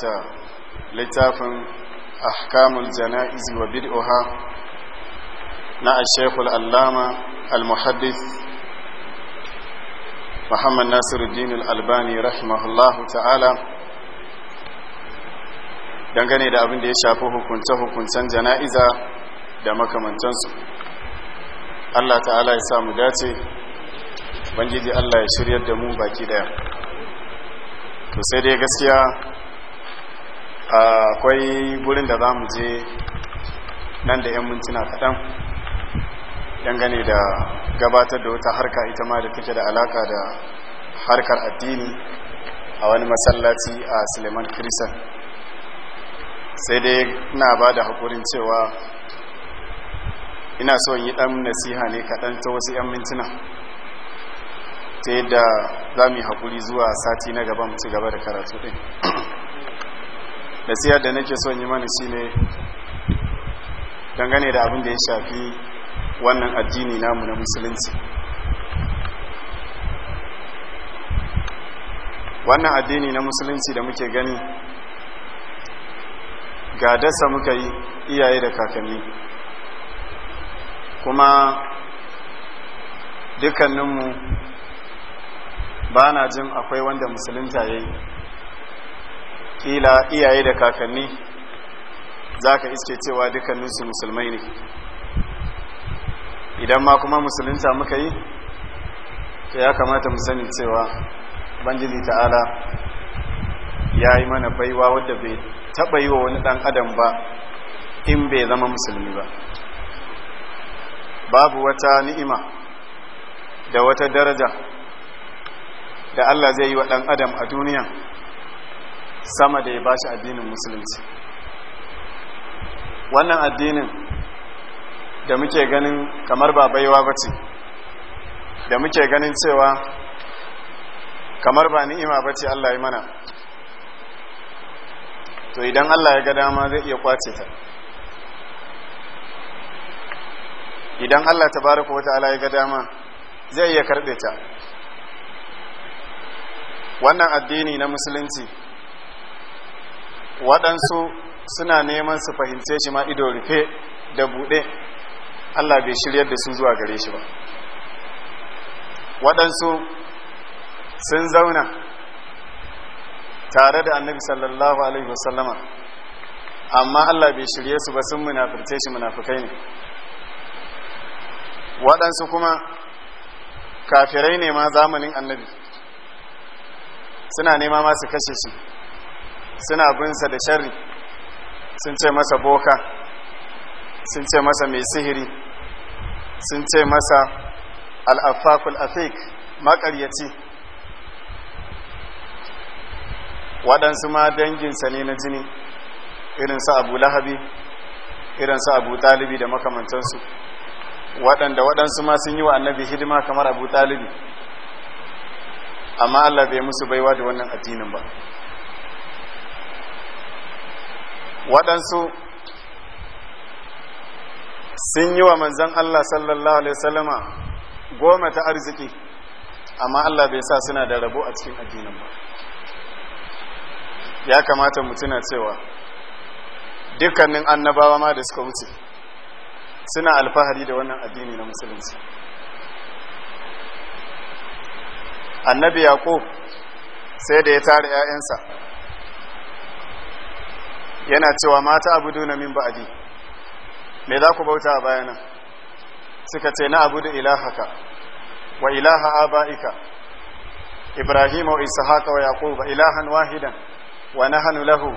ta littafin ahkamul jana'iz wa bid'uha na ashekul allama al muhaddis muhammad nasiruddin al-albani rahimahullahu ta'ala dangane da abin da ya shafi hukunce-hukuncen jana'iza da makamantansu allah ta'ala ya samu dace bangiji allah ya shiryar da mu baki daya to sai dai gaskiya akwai gurin da za mu je nan da 'yan mintuna kaɗan dangane da gabatar da wata harka ita ma da take da alaka da harkar addini a wani masallaci a suleiman kirisan sai dai na ba da haƙurin cewa ina so yi ɗan nasiha ne kaɗan ta wasu 'yan mintuna ta yadda za mu yi haƙuri zuwa sati na gaba mu ci gaba da karatu ɗin Da nasiyar da nake son yi mana shine dangane da abin da ya shafi wannan addini namu na musulunci wannan addini na musulunci da muke gani ga dasa muka yi iyaye da kakanni kuma dukkaninmu ba na jin akwai wanda musulunta ya yi kila iyaye da kakanni za ka iske cewa dukkaninsu musulmai ne idan ma kuma musulunta muka yi to ya kamata mu sani cewa banjili ta'ala ya yi mana baiwa wadda bai taba yi wa wani ɗan adam ba in bai zama musulmi ba babu wata ni'ima da wata daraja da Allah zai yi wa ɗan adam a duniya sama da ya bashi addinin musulunci wannan addinin da muke ganin kamar ba baiwa ba ce da muke ganin cewa kamar ba ni'ima ba ce Allah ya mana to idan Allah ya ga dama zai iya kwace ta idan Allah ta tabaraka wata ala ya ga dama zai iya karbe ta wannan addini na musulunci waɗansu suna neman su fahimce shi ma ido rufe da buɗe Allah bai shiryar da su zuwa gare shi ba waɗansu sun zauna tare da annabi sallallahu alaihi wasallama amma Allah bai shirye su ba sun munafirce shi munafukai ne waɗansu kuma kafirai ne ma zamanin annabi suna nema ma su kashe shi suna binsa da sharri sun ce masa boka sun ce masa mai sihiri sun ce masa al'afakul afik makaryaci waɗansu ma danginsa ne na jini irinsu abu lahabi irinsu abu talibi da makamantansu waɗanda waɗansu ma sun yi wa annabi hidima kamar abu talibi amma allah bai musu baiwa da wannan addinin ba waɗansu sun yi wa manzan Allah sallallahu alaihi wasallama goma ta arziki amma Allah bai sa suna da rabo a cikin addinin ba ya kamata mu tuna cewa dukkanin annabawa ma da suka wuce suna alfahari da wannan addini na musulunci annabi yaqub sai da ya tara 'ya'yansa yana cewa mata abu duna min ba'adi, me za ku bauta a bayana suka ce na abu da ilahaka wa ilaha abaika ibrahim wa ishaqa wa yaqub ilahan wahidan wa nahnu lahu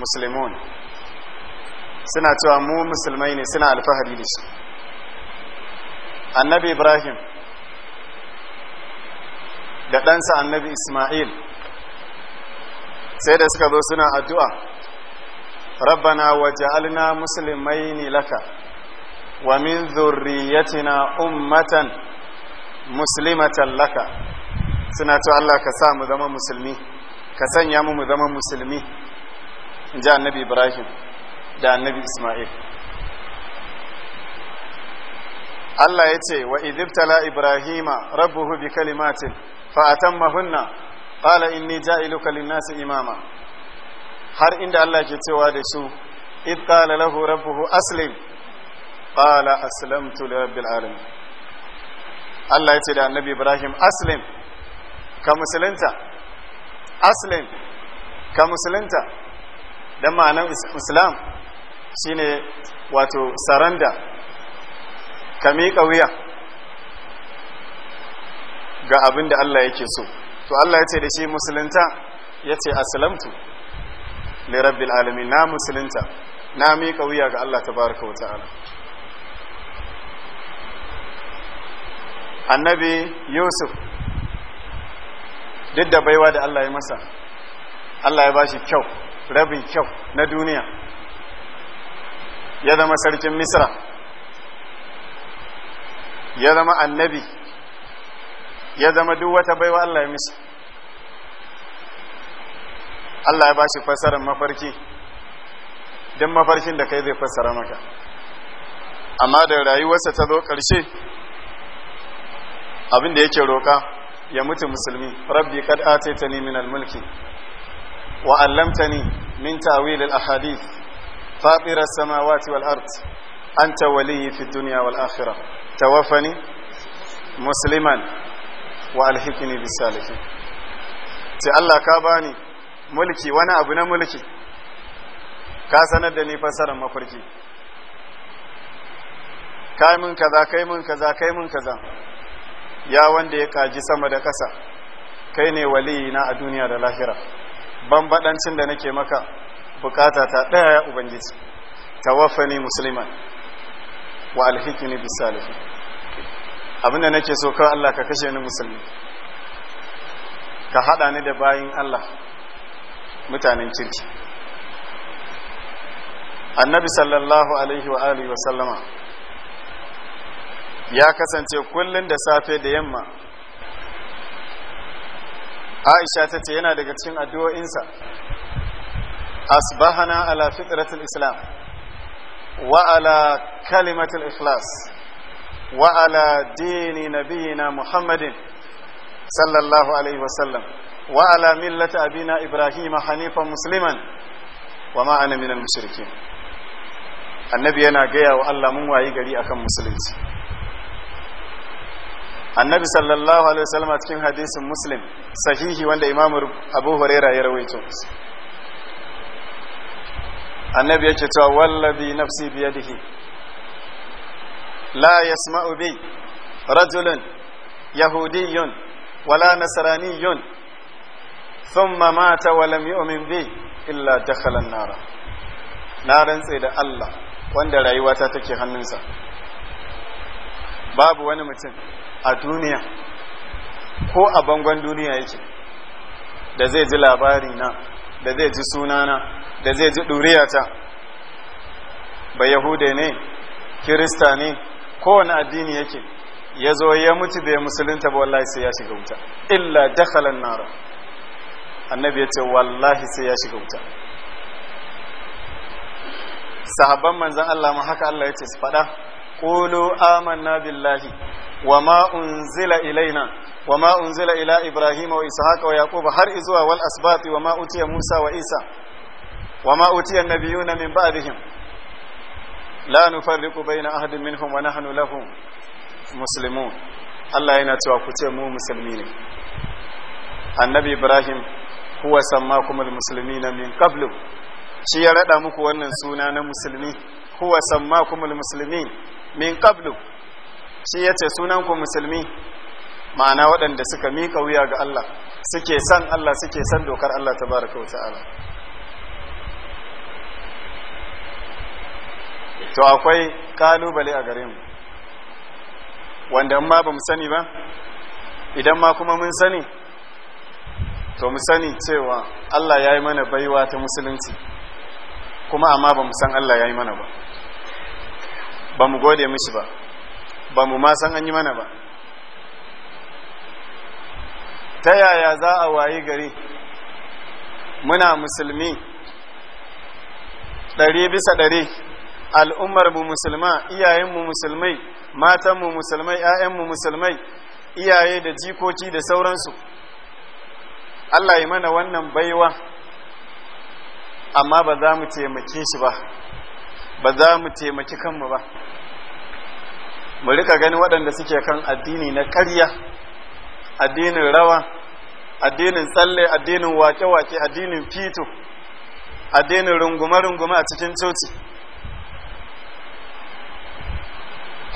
muslimun suna cewa mu musulmai ne suna alfahari da shi annabi ibrahim da ɗansa annabi isma'il sai da suka zo suna addu'a ربنا وجعلنا مسلمين لك ومن ذريتنا أمة مسلمة لك سنة الله كسام ذم مسلمي كسن يام ذم مسلمي جاء النبي إبراهيم جاء النبي إسماعيل Allah ya ce wa idibtala Ibrahima rabbuhu bi kalimatin fa atammahunna qala inni ja'iluka lin-nasi imama har inda Allah ke cewa da su id qala lahu rabbuhu aslim qala aslamtu li rabbil alamin Allah ya ce da Annabi Ibrahim aslim ka musulunta aslim ka musulunta da ma'anar islam shine wato saranda ka miƙa wuya ga abin da Allah yake so to Allah ya ce da shi musulunta ya ce aslamtu li rabbil alamin na musulunta na mika wuya ga Allah tabaraka wa ta'ala annabi yusuf duk da baiwa da Allah ya masa Allah ya bashi kyau rabin kyau na duniya ya zama sarkin misra ya zama annabi ya zama duk wata baiwa Allah ya misa Allah ya shi fassarar mafarki don mafarkin da kai zai fassara maka amma da rayuwarsa ta zo ƙarshe abin da yake roƙa ya mutu musulmi rabbi kad ataitani min al-mulki wa 'allamtani min ta'wil al-ahadith fatir as-samawati wal ard anta waliyyi fid dunya wal akhirah tawaffani musliman wa alhiqni bis salihin sai Allah ka bani mulki wani abu na mulki ka sanar da ni fassarar mafarki kai mun kaza kai mun kaza kai mun kaza ya wanda ya kaji sama da kasa kai ne waliyina a duniya da lahira bambadancin da nake maka bukata ta ɗaya ya ubangiji tawaffani musliman wa alhikini bis abinda nake so kawai Allah ka kashe ni musulmi ka haɗa ni da bayin Allah mutanen kirki annabi sallallahu alaihi wa alihi wa sallama ya kasance kullum da safe da yamma aisha ta ce yana daga cikin addu'o'insa asbahana ala fitratul islam wa ala kalimatul ikhlas wa ala dini nabiyina muhammadin sallallahu alaihi wasallam وعلى ملة أبينا إبراهيم حنيفا مسلما وما أنا من المشركين annabi yana gaya wa Allah mun wayi gari akan musulunci annabi sallallahu alaihi wasallam a cikin hadisin muslim sahihi wanda imamar abu huraira ya rawaito annabi yake cewa wallazi nafsi biyadihi la yasma'u bi rajulun yahudiyyun wala nasraniyyun ثم مات wa يؤمن به bi illa النار nara na rantse da Allah wanda rayuwata take hannunsa babu wani mutum a duniya ko a bangon duniya yake da zai ji labari na da zai ji sunana da zai ji ɗuriyata ba yahude ne kirista ne ko wani addini yake ya zo ya mutu ya musulunta ba wallahi sai ya shiga wuta illa dakhalan nara annabi ya ce wallahi sai ya shiga wuta sahabban manzan Allah ma haka Allah ya ce su faɗa qulu amanna billahi wa ma unzila ilaina wa ma unzila ila ibrahim wa ishaqa wa yaquba har izuwa wal asbati wa ma utiya musa wa isa wa ma biyu na min ba'dihim la nufarriqu baina ahadin minhum wa nahnu lahum muslimun Allah yana cewa ku ce mu musulmi ne annabi ibrahim huwa musulmi muslimina min qablu shi ya rada muku wannan suna na musulmi huwa sammakumul muslimin min qablu shi ce sunan ku musulmi ma'ana waɗanda suka mika wuya ga Allah suke san Allah suke san dokar Allah tabaraka wa ta'ala to akwai kalubale a gare mu wanda ma ba mu sani ba idan ma kuma mun sani to mu sani cewa Allah ya yi mana baiwa ta musulunci kuma amma ba mu san Allah ya yi mana ba ba mu gode mishi ba ba mu ma san an yi mana ba ta yaya za a wayi gari muna musulmi ɗari bisa ɗari al'ummar mu musulma iyayen mu musulmai matan mu musulmai 'ya'yan mu musulmai iyaye da jikoki da sauransu Allah yi mana wannan baiwa amma ba za mu taimake shi ba ba za mu taimaki kanmu ba mu rika gani waɗanda suke kan addini na karya, addinin rawa addinin tsalle addinin wake-wake addinin fito addinin rungume-rungume a cikin coci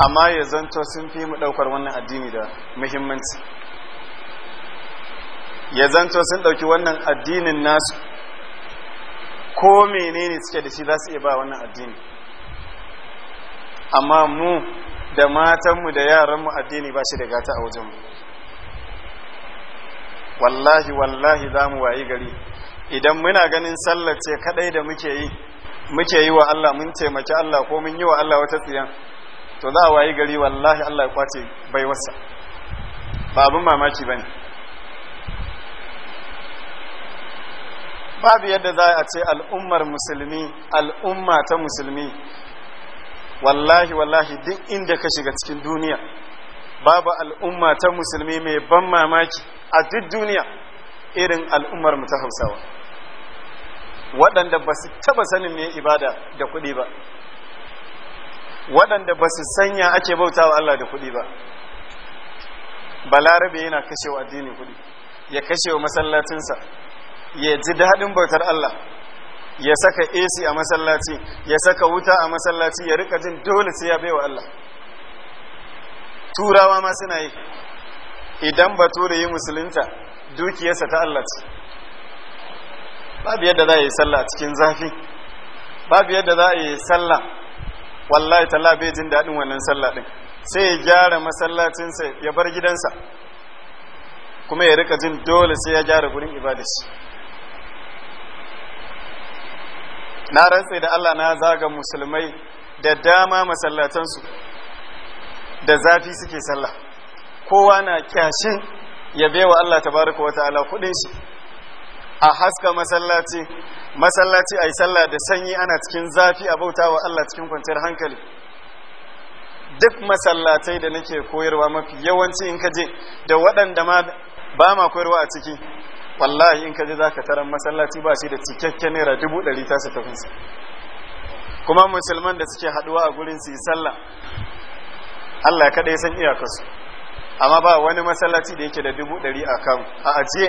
amma ya sun fi mu ɗaukar wannan addini da muhimmanci ya zanto sun ɗauki wannan addinin nasu ko menene suke da shi za su iya ba wannan addini amma mu da matanmu da yaranmu addini ba shi da gata a wajenmu wallahi wallahi za mu wayi gari idan muna ganin sallar ce kadai da muke yi muke yi wa Allah mun taimaki Allah ko mun yi wa Allah wata tsiyan to za a wayi gari wallahi Allah ya kwace baiwarsa ba abin mamaki bane babu yadda za a ce al'ummar musulmi al'umma ta musulmi wallahi wallahi duk inda ka shiga cikin duniya babu al'umma ta musulmi mai ban mamaki a duk duniya irin al'ummar mu ta hausawa waɗanda ba su taɓa sanin mai ibada da kuɗi ba waɗanda ba su sanya ake bauta wa Allah da kuɗi ba balarabe yana kashewa addini kuɗi ya kashewa masallacinsa ya ji daɗin bautar Allah ya saka AC a masallaci ya saka wuta a masallaci ya rika jin dole sai ya baiwa Allah turawa ma suna yi idan tura yi musulunta dukiyarsa ta Allah ce babu yadda za a yi sallah cikin zafi babu yadda za a yi sallah wallahi tala bai jin daɗin wannan sallah ɗin sai ya gyara masallacinsa ya bar gidansa kuma ya rika jin dole sai ya gyara gurin ibadis na rantse da Allah na zaga musulmai da dama masallatansu da zafi suke sallah kowa na kyashin ya baiwa Allah tabaraka wa ta'ala kudin shi a haska masallaci masallaci ai sallah da sanyi ana cikin zafi a bauta wa Allah cikin kwanciyar hankali duk masallatai da nake koyarwa mafi yawanci in ka je da waɗanda ma ba ma koyarwa a ciki wallahi in ka je zaka taron masallaci ba shi da cikakken naira dubu ɗari ta su tafi kuma musulman da suke haɗuwa a gurin su yi sallah Allah ya kaɗai san iyakarsu amma ba wani masallaci da yake da dubu ɗari a kan a ajiye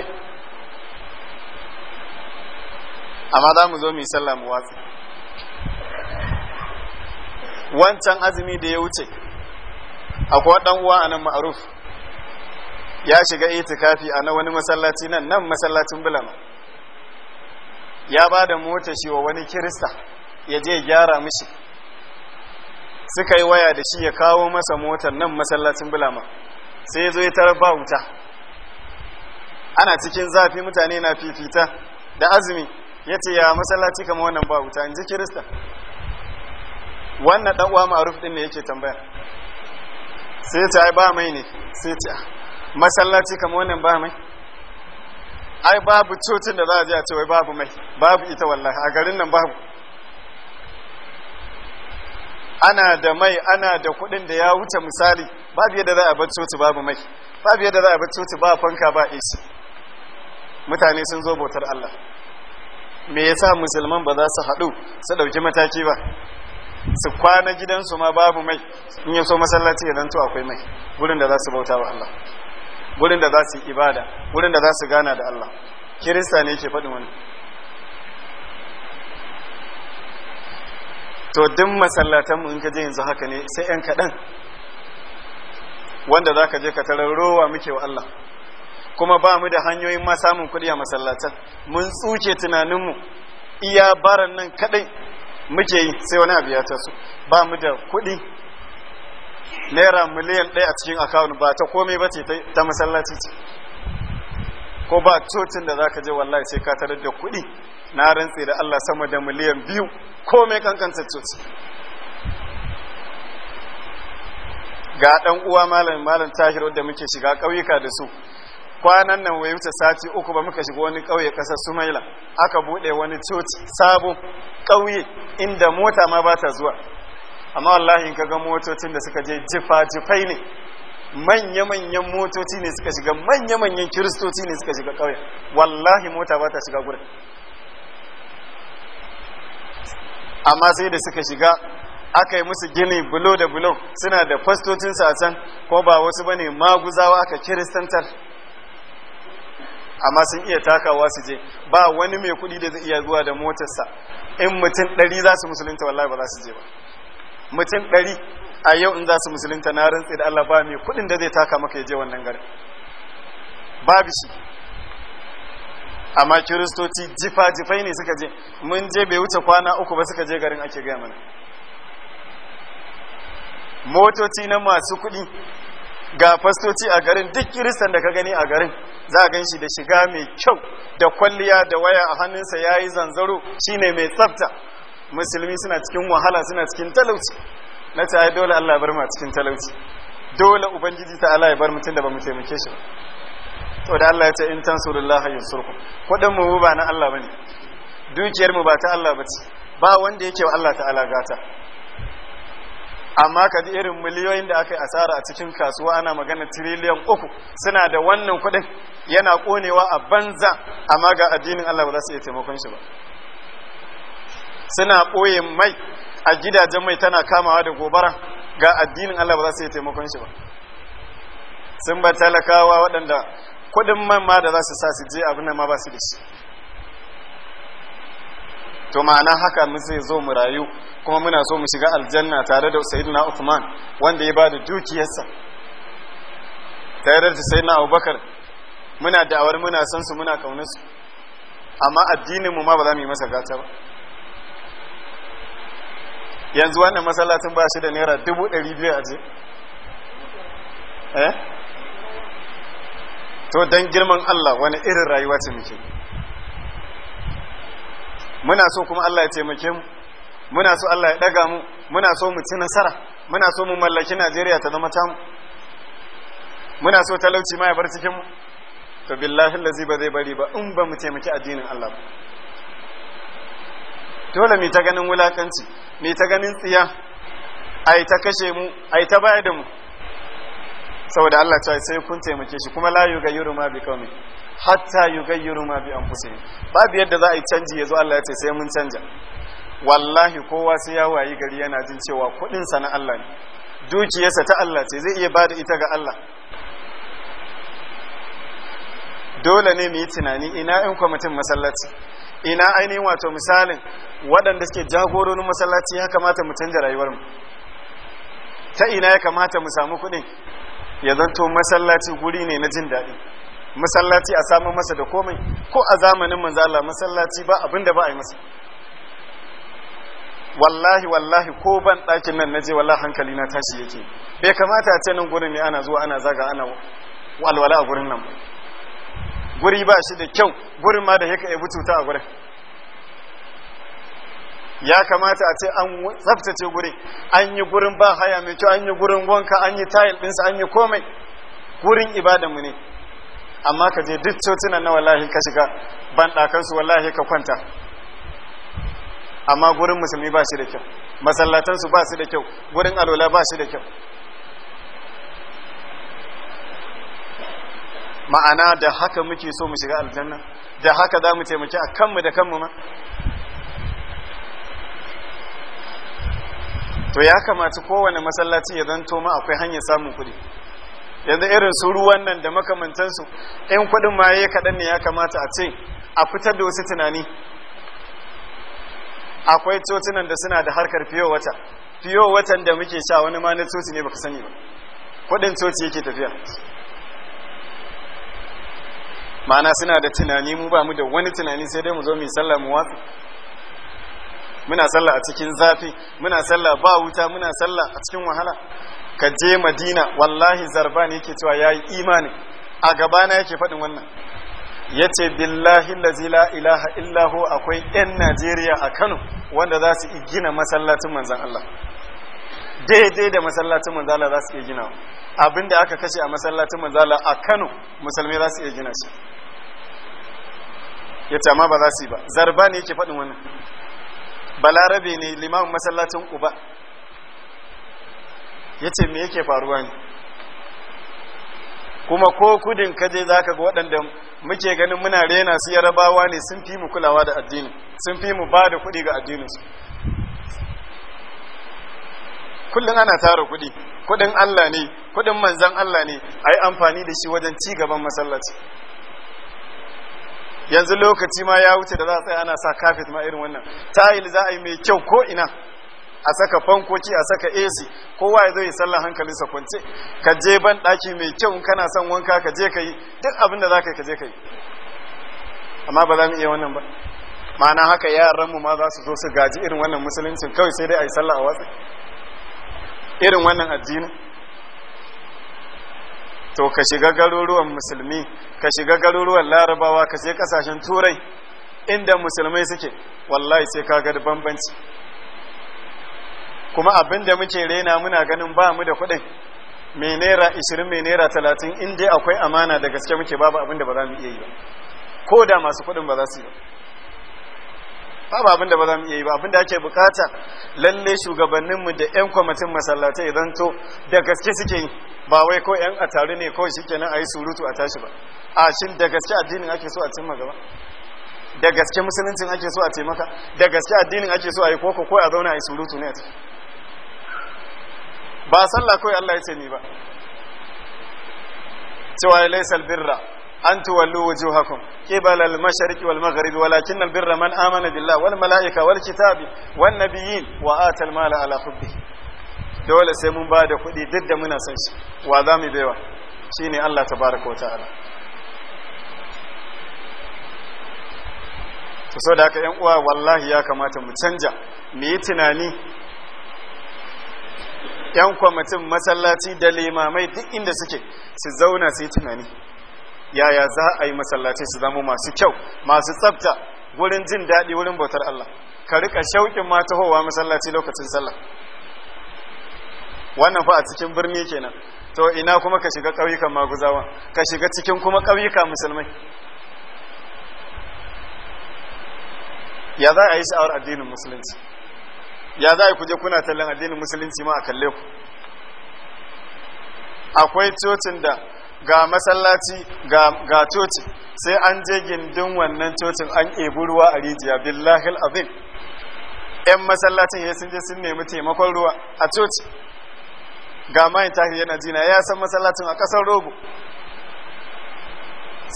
amma za mu zo mu yi sallah mu watsi wancan azumi da ya wuce akwai ɗan uwa a nan ma'aruf ya shiga itikafi a na wani masallaci nan nan masallacin bulama ya ba da mota shi wa wani kirista ya je gyara mishi suka yi waya da shi ya kawo masa motar nan masallacin bulama sai ya zo ya tarar ba wuta ana cikin zafi mutane na fifita da azumi ya ce ya masallaci kama wannan ba wuta in ji kirista wannan ɗan'uwa ma'aruf ɗin ne yake tambaya sai ta ba mai ne sai ta masallaci kamar wannan ba mai ai babu cocin da za a ji a ce wai babu mai babu ita wallahi a garin nan babu ana da mai ana da kuɗin da ya wuce misali babu yadda za a bar coci babu mai babu yadda za a bar coci ba fanka ba isi mutane sun zo bautar Allah me yasa musulman ba za su haɗu su ɗauki mataki ba su kwana gidansu ma babu mai in yaso masallaci ya zanto akwai mai gurin da za su bauta wa Allah gurin da za su yi ibada gurin da za su gana da Allah kirista ne ke faɗin wani to duk masallatanmu in ka je yanzu haka ne sai 'yan kaɗan wanda za ka je ka tararrowa rowa muke wa Allah kuma ba mu da hanyoyin ma samun kuɗi a masallatan mun tsuke tunaninmu iya baran nan kaɗai muke yi sai wani abu ya taso ba mu da kuɗi naira miliyan ɗaya a cikin akawun ba ta komai ba ce ta masallaci ce ko ba cocin da za ka je wallahi sai ka tarar da kuɗi na rantse da Allah sama da miliyan biyu komai kankanta coci ga ɗan uwa malam malam tahir wanda muke shiga ƙauyuka da su kwanan nan wai wuce sati uku ba muka shiga wani ƙauye ƙasar sumaila aka buɗe wani coci sabo ƙauye inda mota ma ba ta zuwa amma wallahi in kaga motocin da suka je jifa-jifai ne manya-manyan motoci ne suka shiga manya-manyan kiristoci ne suka shiga kawai wallahi mota ba ta shiga gurin amma sai da suka shiga aka yi musu gini bulo da bulo suna da fastocin a can ko ba wasu bane maguzawa aka kiristantar amma sun iya takawa su je ba wani mai kudi da zai iya zuwa da motarsa in mutum dari za su musulunta wallahi ba za su je ba mutum ɗari a yau in za su musulunta na rantsi da Allah ba mai kuɗin da zai taka maka ya je wannan garin babu shi amma kiristoci jifa-jifai ne suka je mun je bai wuce kwana uku ba suka je garin ake gaya mana motoci na masu kuɗi ga fastoci a garin duk kiristan da ka gani a garin za a gan shi da shiga mai kyau da kwalliya da waya a hannunsa ya yi zanzaro shine mai tsafta musulmi suna cikin wahala suna cikin talauci na ta dole Allah bar mu a cikin talauci dole ubangiji ta Allah ya bar mutum da ba mu taimake shi to da Allah ya ce in tansurullahi yansurkum kudin mu ba na Allah bane dukiyar mu ba ta Allah bace ba wanda yake wa Allah ta'ala gata amma kaji irin miliyoyin da aka yi asara a cikin kasuwa ana magana tiriliyan uku suna da wannan kuɗin yana konewa a banza amma ga addinin Allah ba za su iya taimakon shi ba suna ɓoye mai a gidajen mai tana kamawa da gobara ga addinin Allah ba za su yi taimakon shi ba sun ba talakawa waɗanda kuɗin man ma da za su sa su je abin ma ba su da shi to ma'ana haka mu zai zo mu rayu kuma muna so mu shiga aljanna tare da sayyidina Uthman wanda ya bada dukiyarsa tare da sayyidina Abubakar muna da'awar muna san su muna kaunar su amma addinin mu ma ba za mu yi masa gata ba yanzu wannan masallacin ba shi da naira dubu ɗari biyu a je eh to don girman Allah wani irin rayuwa ce muke muna so kuma Allah ya taimake mu muna so Allah ya ɗaga mu muna so mu ci nasara muna so mu mallaki Najeriya ta zama tamu muna so talauci ma ya bar cikin mu to billahi lazi ba zai bari ba in ba mu taimaki addinin Allah ba dole mu ta ganin wulakanci mai ta ganin tsiya ai ta kashe mu ai ta bayar da mu saboda Allah ta sai kun taimake shi kuma la yugayyiru ma bi qaumi hatta yugayyiru ma bi anfusihim babu yadda za a yi canji yazo Allah ya ce sai mun canja wallahi kowa sai ya wayi gari yana jin cewa kudin sa na Allah ne dukiyarsa ta Allah ce zai iya bada ita ga Allah dole ne mu yi tunani ina in kwamitin masallaci ina ainihin wato misalin waɗanda suke jagororin masallaci ya kamata mu canja rayuwarmu ta ina ya kamata mu samu kuɗin ya zanto masallaci guri ne na jin daɗi masallaci a samu masa da komai ko a zamanin manzala masallaci ba abin da ba a yi masa wallahi wallahi ko ban ɗakin nan naje wallahi hankali na tashi yake bai kamata a ce nan gurin ne ana zuwa ana zaga ana walwala a gurin nan guri ba shi da kyau gurin ma da ya kai bututa a gurin ya kamata a ce an tsaftace guri an yi gurin ba haya mai kyau an yi gurin wanka an yi tayil ɗinsa an yi komai gurin ibadanmu ne amma ka je duk cocinan na wallahi ka shiga ban ɗakansu wallahi ka kwanta amma gurin musulmi ba shi da kyau masallatansu ba su da kyau gurin alola ba shi da kyau ma'ana da haka muke so mu shiga aljanna da haka za mu taimaki a kanmu da kanmu ma to ya kamata kowane masallaci ya zanto ma akwai hanyar samun kuɗi yanzu irin su ruwan nan da makamantansu in kuɗin ma ya kaɗan ne ya kamata a ce a fitar da wasu tunani akwai cocinan da suna da harkar fiyo wata fiyo watan da muke sha wani ma na coci ne baka sani ba kuɗin coci yake tafiya ma'ana suna da tunani mu ba mu da wani tunani sai dai mu zo mu sallah mu wafi muna sallah a cikin zafi muna sallah ba wuta muna sallah a cikin wahala ka je madina wallahi zarban yake cewa yayi imani a gabana yake faɗin wannan yace ce billahi lazi la ilaha hu akwai 'yan najeriya a kano wanda za su gina masallacin manzon allah daidai da masallacin manzala za su iya gina abin da aka kashe a masallacin manzala a kano musulmi za su iya gina shi ya ce amma ba za su yi ba zarba ne yake faɗin wannan balarabe ne limamin masallacin uba ya ce me yake faruwa ne kuma ko kudin kaje za ka ga waɗanda muke ganin muna rena su yarabawa ne sun fi mu kulawa da addini sun fi mu ba da kuɗi ga addininsu kullum ana tara kuɗi kuɗin Allah ne kuɗin manzan Allah ne a yi amfani da shi wajen ci gaban masallaci yanzu lokaci ma ya wuce da za a tsaya ana sa kafet ma irin wannan tayil za a yi mai kyau ko ina a saka fankoki a saka AC kowa ya zo ya sallah sa kwance ka je ban daki mai kyau in kana son wanka ka je ka yi duk abin da za ka yi ka je ka yi amma ba za mu iya wannan ba ma'ana haka yaranmu ma za su zo su gaji irin wannan musuluncin kawai sai dai a yi sallah a watsi irin wannan addini to ka shiga garuruwan musulmi ka shiga garuruwan larabawa ka je kasashen turai inda musulmai suke wallahi sai ka ga bambanci kuma abin da muke rena muna ganin ba mu da kuɗin mai naira 20 mai naira 30 in akwai amana da gaske muke babu abin da ba za mu iya yi ba ko da masu kuɗin ba za su yi ba ba ba abinda ba za mu iya yi ba abinda ake bukata lalle shugabanninmu da 'yan kwamitin masallatai idan to da gaske suke yi ba wai ko 'yan a taru ne ko shi kenan a yi surutu a tashi ba a shin da gaske addinin ake so a cimma gaba da gaske musuluncin ake so a taimaka da gaske addinin ake so a yi koko ko a zauna a yi surutu ne a ba sallah kawai Allah ya ce ni ba cewa laisal birra أن تولوا وجوهكم قبل المشرق والمغرب ولكن البر من آمن بالله والملائكة والكتاب والنبيين وآتى المال على حبه dole sai mun bada kuɗi duk da muna san shi wa za mu baiwa shi Allah ta baraka ta'ala su so da haka yan uwa wallahi ya kamata mu canja muyi yi tunani yan kwamitin masallaci da limamai duk inda suke su zauna su yi tunani yaya za a yi masallaci su zama masu kyau masu tsafta wurin jin daɗi wurin bautar Allah ka rika shauƙin ma tahowa masallaci lokacin sallah wannan fa a cikin birni kenan to ina kuma ka shiga ƙauyukan maguzawa ka shiga cikin kuma ƙauyuka musulmai ya za a yi sha'awar addinin musulunci ya za a yi kuje kuna tallan addinin musulunci ma a kalle ku akwai cocin da ga masallaci ga coci sai an je gindin wannan cocin an ebi ruwa a rijiya billahil azim yan masallacin ya sun je sun nemi taimakon ruwa a coci ga mayan tahir yana jina ya san masallacin a ƙasar rogo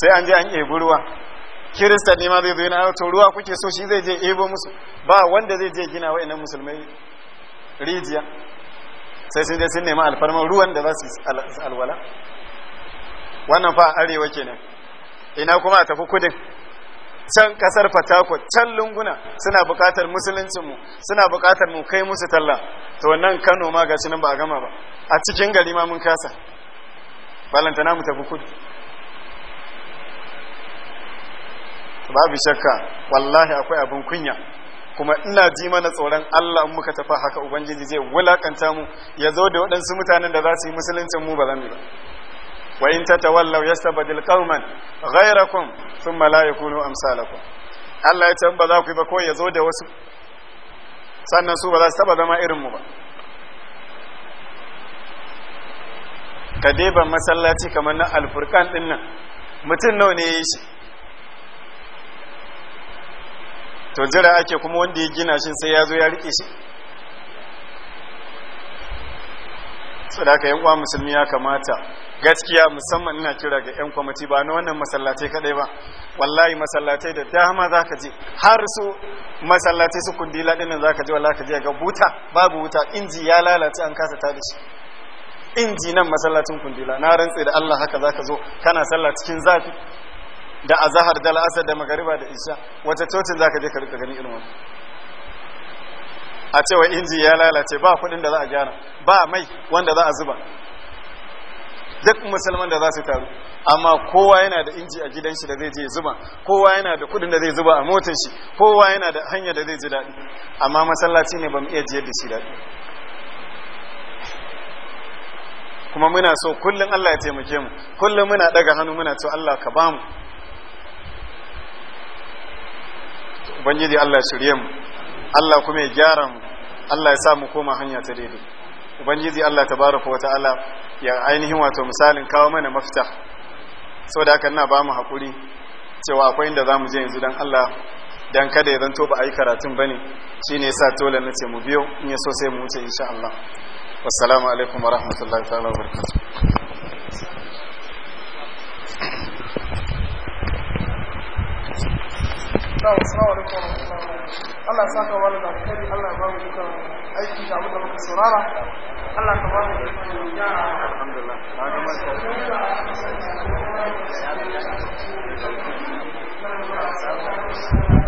sai an je an ebi ruwa kirista ne ma zai zo yana to ruwa kuke so shi zai je ebo musu ba wanda zai je gina wa'annan musulmai rijiya sai sun je sun nemi alfarman ruwan da za su alwala wannan fa arewa kenan ina kuma a tafi kudin can kasar fatako can lunguna suna buƙatar musuluncinmu suna buƙatar mu kai musu talla to wannan kano ma gashi nan ba a gama ba a cikin gari ma mun kasa balantana mu tafi kudu babu shakka wallahi akwai abin kunya kuma ina ji mana tsoron Allah in muka tafi haka ubangiji zai wulakanta mu ya zo da waɗansu mutanen da za su yi musuluncin mu ba za mu ba wa in tatawallaw yastabdil qauman ghayrakum thumma la yakunu amsalakum Allah ya ce ba za ku yi ba ko ya zo da wasu sannan su ba za su taba zama irin mu ba ka deba masallaci kamar na alfurkan din nan mutum nawa ne ya yi shi to jira ake kuma wanda ya gina shi sai ya zo ya rike shi sadaka yan uwa musulmi ya kamata gaskiya musamman ina kira ga 'yan kwamiti ba na wannan masallatai kadai ba wallahi masallatai da dama za ka har su masallatai su kundila dinnan za ka je wallahi ka je ga buta babu wuta inji ya lalace an kasa ta da shi inji nan masallacin kundila na rantse da Allah haka za zo kana sallah cikin zafi da azahar da al'asar da magariba da isha wata cocin za ka je ka rika gani irin wannan a cewa inji ya lalace ba kuɗin da za a gyara ba mai wanda za a zuba duk musulman da za su taru amma kowa yana da inji a gidan shi da zai je zuba kowa yana da kudin da zai zuba a motar shi kowa yana da hanya da zai ji daɗi amma masallaci ne bamu mu iya je da shi daɗi kuma muna so kullum Allah ya taimake mu kullum muna daga hannu muna to Allah ka bamu ubangiji Allah shirye mu Allah kuma ya gyara mu Allah ya sa mu koma hanya ta daidai ubangiji Allah tabaraka wa ta'ala ya ainihin wato misalin kawo mana mafita saboda haka ina ba mu hakuri cewa akwai inda zamu je yanzu dan Allah dan kada ya zanto ba a yi karatun bane shine yasa tola na ce mu biyo in ya so sai mu wuce insha Allah wassalamu alaikum wa rahmatullahi ta'ala wa barakatuh Allah saka wa da alkhairi Allah ya ba mu duka aiki da abin da muka saurara Allah ka ba mu da yara alhamdulillah na ga mai sauki